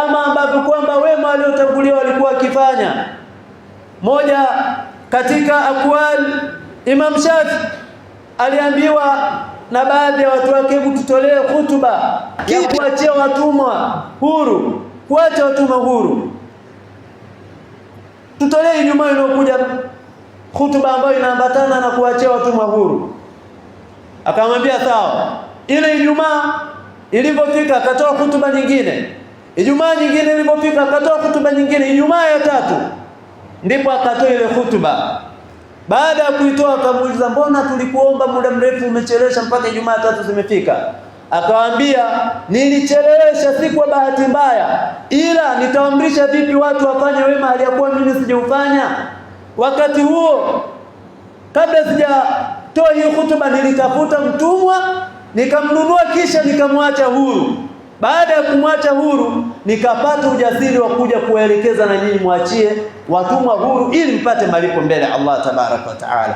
kama ambavyo kwamba wema waliotangulia walikuwa wakifanya. Moja katika akwal, Imam Shafi aliambiwa na baadhi ya watu wake, hebu tutolee hutuba ya kuachia watumwa huru, kuacha watumwa huru. Tutolee Ijumaa inayokuja hutuba ambayo inaambatana na kuachia watumwa huru. Akamwambia sawa. Ile Ijumaa ilivyofika, akatoa hutuba nyingine Ijumaa nyingine ilipofika akatoa hutuba nyingine, Ijumaa ya tatu ndipo akatoa ile hutuba. Baada ya kuitoa akamuuliza, mbona tulikuomba muda mrefu umechelewesha mpaka Ijumaa tatu zimefika? Akawaambia, nilichelewesha si kwa bahati mbaya, ila nitaamrisha vipi watu wafanye wema aliyakuwa mimi sijaufanya wakati huo. Kabla sijatoa hii hutuba, nilitafuta mtumwa nikamnunua, kisha nikamwacha huru baada ya kumwacha huru, nikapata ujasiri wa kuja kuwaelekeza na nyinyi mwachie watumwa huru, ili mpate malipo mbele ya Allah tabaraka wa taala,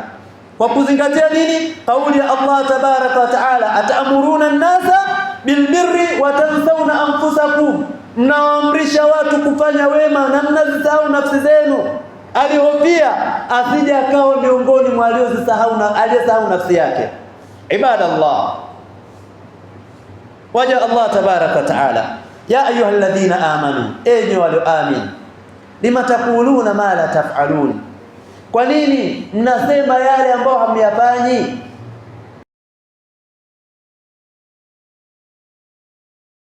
kwa kuzingatia nini? Kauli ya Allah tabaraka wa taala, atamuruna nnasa bilbirri watansauna anfusakum, mnawaamrisha watu kufanya wema na mnazisahau nafsi zenu. Alihofia asije akawa miongoni mwa aliyesahau nafsi yake. Ibadallah. Waja Allah tabaraka wa taala, ya ayuha alladhina amanu, enyi walioamini, lima taquluna ma la tafalun, kwa nini mnasema yale ambayo hamyafanyi?